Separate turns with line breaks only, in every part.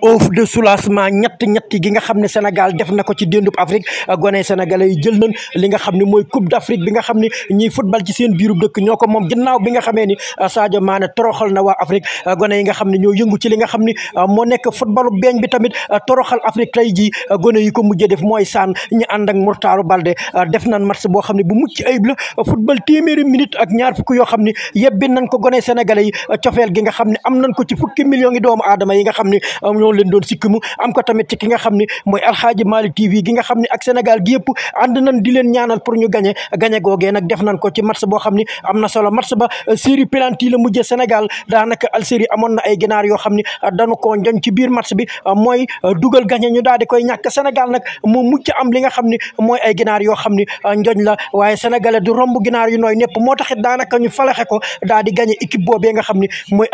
offre de soulagement ñett ñett gi nga xam ne Sénégal def na ko ci déndub Afrique gone sénégalais yi jël nañ li nga xam ne mooy coupe d'Afrique bi nga xam ne ñiy football ci seen biirub dëkk ñoo ko moom ginnaaw bi nga xamee ni euh, Sadio Mané toroxal na waa Afrique euh, gone yi nga xam ne ñoo yëngu ci li nga xam ni euh, moo nekk footballu beeñ bi tamit toroxal Afrique tey ji gone yi ko mujjee def mooy saan ñu ànd ak Murtaaru Balde def nañ match boo xam ne bu mucc ayib la football téeméeri minute ak ñaar fukk yoo xam ne yebbi nañ ko gone sénégalais yi cofeel gi nga xam ne am nañ ko ci fukki millions yi doomu aadama yi nga xam ne ñoom ñoo leen doon sikkimu am ko tamit ci ki nga xam ne mooy Aladji Malick TV gi nga xam ne ak Sénégal gi yëpp ànd nañ di leen ñaanal pour ñu gañe gañe googee nag def nañ ko ci match boo xam ne am na solo match ba euh, série penalty la mujjee Sénégal daanaka Algérie amoon na ay ginaar yoo xam ne euh, dañu ko njoñ ci biir match bi euh, mooy dugal gañe ñu daal di koy ñàkk Sénégal nag moo mujj am li nga xam ne mooy ay ginaar yoo xam ne njoñ la waaye sénégalais du romb ginaar yu nooy nepp moo taxit daanaka ñu falaxe ko daal di gañe équipe nga xam ni mu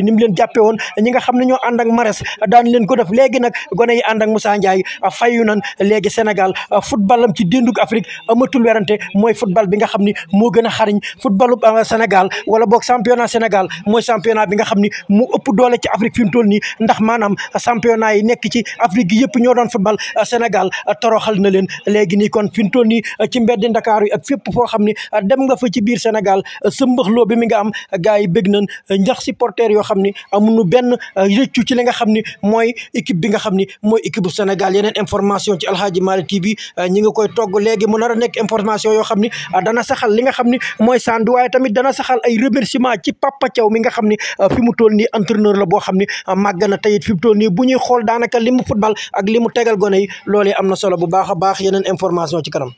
leen jàppe woon ñi nga xam dañoo ànd ak Mares daan leen ko def léegi nag gone yi ànd ak Moussa Ndiaye uh, fayu nan léegi Sénégal uh, football am ci dindug Afrique amatul werante mooy football bi nga xam ni moo gën a xariñ footballu uh, Sénégal wala boog championnat Sénégal mooy championnat bi nga xam ni mu ëpp doole ci Afrique fi mu toll nii ndax maanaam championnat yi nekk ci Afrique yëpp ñoo doon football Sénégal toroxal na leen léegi nii kon fi mu toll ci mbeddi Ndakaaru yi ak fépp foo xam ni dem nga fa ci biir Sénégal sëmbaxloo bi mi nga am gars yi bëgg nañ ndax supporter yoo xam ni réccu ci li nga xam ni mooy équipe bi nga xam ni mooy équipe bu Sénégal yeneen information ci Aladji Malick TV euh, ñi nga koy togg léegi mu nar a nekk information yoo xam ni euh, dana saxal li nga xam ni mooy sandu waaye tamit dana saxal ay remerciement ci Papa Thiaw mi nga xam ni euh, fi mu toll nii entraîneur la boo xam ni màgg na tey it fi mu toll nii bu ñuy xool daanaka li mu football ak li mu tegal gone yi loolee am na solo bu baax a baax yeneen information ci kanam